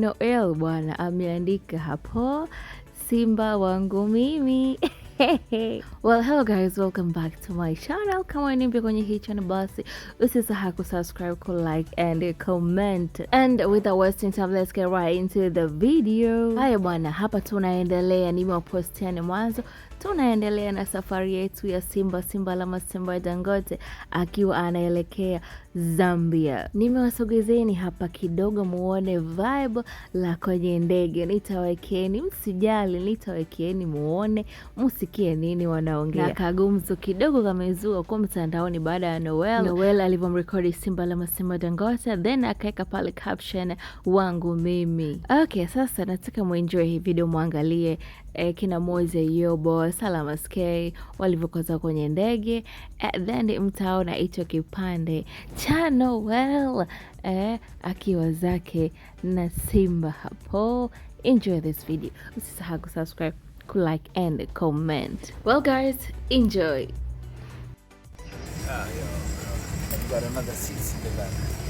Noel bwana ameandika hapo, Simba wangu mimi Well, hello guys, welcome back to my channel. Kama ni mpya kwenye hii channel basi usisahau subscribe, ku like and comment. And without wasting time, let's get right into the video. Haya bwana, hapa tunaendelea, nimewapostia ni mwanzo tunaendelea na safari yetu ya Simba Simba la Simba Dangote akiwa anaelekea Zambia. Nimewasogezeni hapa kidogo muone vibe la kwenye ndege, nitawekeni msijali, nitawekeni muone musi wasikie nini wanaongea. Na kagumzo kidogo kamezua kwa mtandaoni baada ya Noel Noel alivyomrekodi Simba la Masimba Dangote, then akaweka pale caption wangu mimi. Okay, sasa nataka muenjoy hii video, mwangalie eh, kina Moze Yobo Salama SK walivyokoza kwenye ndege eh, then mtaona hicho kipande cha Noel eh, akiwa zake na Simba hapo. Enjoy this video, usisahau kusubscribe. like, and comment. Well, guys, enjoy. Ah, yo, got another in the back.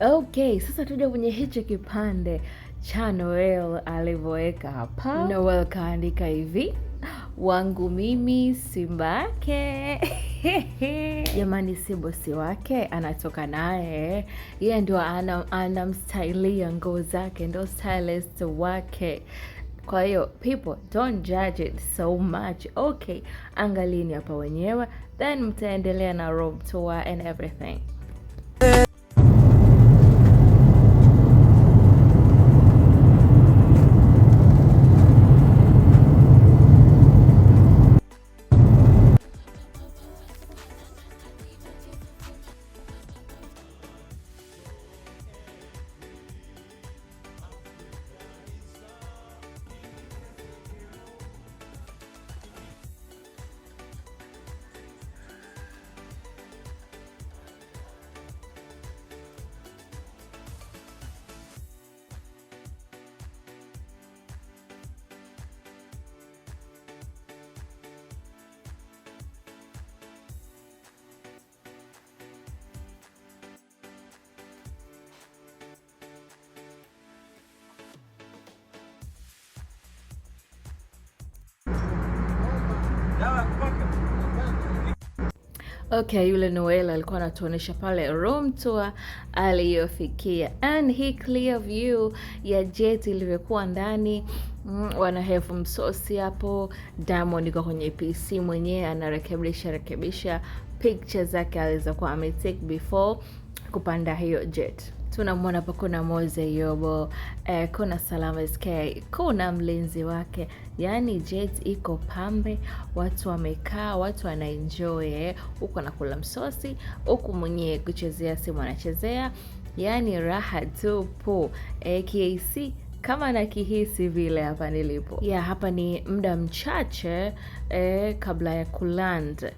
Okay, sasa tuja kwenye hichi kipande cha Noel alivyoweka hapa. Noel kaandika hivi wangu mimi simba yake jamani, si bosi wake, anatoka naye yeye, ndio anamstylia nguo zake, ndo stylist wake. Kwa hiyo people don't judge it so much. Okay, angalieni hapa wenyewe, then mtaendelea na room tour and everything. Okay, yule Noel alikuwa anatuonyesha pale room tour aliyofikia and hii clear view ya jet ilivyokuwa ndani. Mm, wana have msosi hapo. Diamond iko kwenye PC mwenyewe anarekebisha rekebisha picture zake alizokuwa ametake before kupanda hiyo jet tunamwona hapa kuna Moze Yobo eh, kuna Salama SK, kuna mlinzi wake, yani jet iko pambe, watu wamekaa, watu wanaenjoy eh. huku, anakula msosi huku mwenyewe kuchezea simu anachezea, yani raha tupu eh, KC kama nakihisi vile hapa nilipo ya yeah, hapa ni muda mchache eh, kabla ya kuland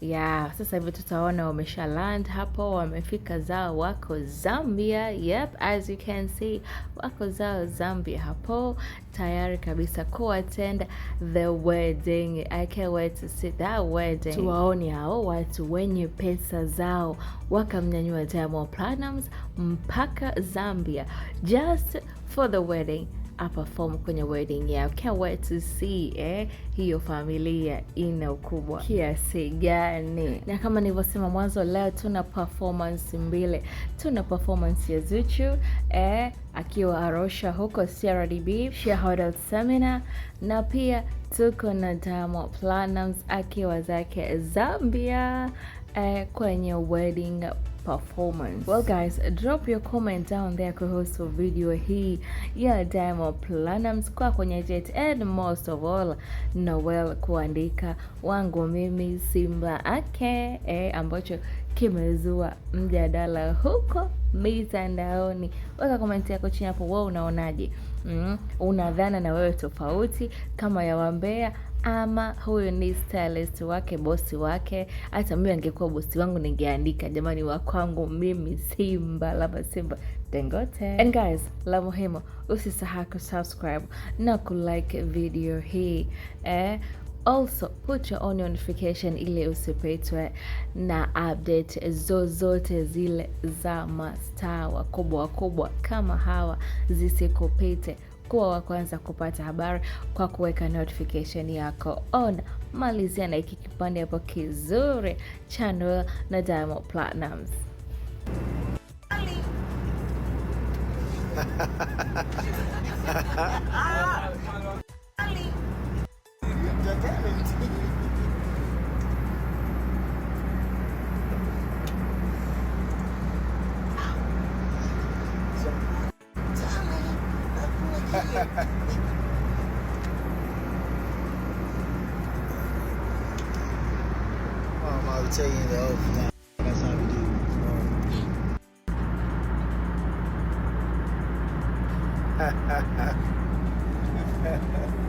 Yeah, sasa hivi tutaona wamesha land hapo, wamefika zao, wako Zambia. Yep, as you can see, wako zao Zambia hapo tayari kabisa ku attend the wedding. I can't wait to see that wedding. Tuwaone hao watu wenye pesa zao wakamnyanyua Diamond Platnumz mpaka Zambia just for the wedding aperform kwenye wedding yao. Can't wait to see eh, hiyo familia ina ukubwa kiasi gani? Na kama nilivyosema mwanzo, leo tuna performance mbili. Tuna performance ya Zuchu eh, akiwa Arusha huko CRDB shareholder seminar, na pia tuko na damo Platnumz akiwa zake Zambia eh, kwenye wedding performance. Well guys, drop your comment down there kuhusu video hii ya Diamond Platnumz kwa kwenye jet and most of all Noel kuandika wangu mimi Simba ake eh, ambacho kimezua mjadala huko mitandaoni. Weka komenti yako chini hapo, wewe unaonaje? Mm, unadhana na wewe tofauti kama ya wambea ama huyu ni stylist wake, bosi wake. Hata mimi angekuwa bosi wangu ningeandika jamani, wa kwangu mimi Simba lava Simba Dangote. And guys, la muhimu usisahau kusubscribe na kulike video hii eh? Also put your own notification ili usipitwe na update zozote zile za mastaa wakubwa wakubwa kama hawa zisikupite kuwa wa kwanza kupata habari kwa kuweka notification yako on. Malizia na hiki kipande hapo kizuri cha Noel na Diamond Platnumz. Mom, I would tell you the now. That's how we do. ha ha ha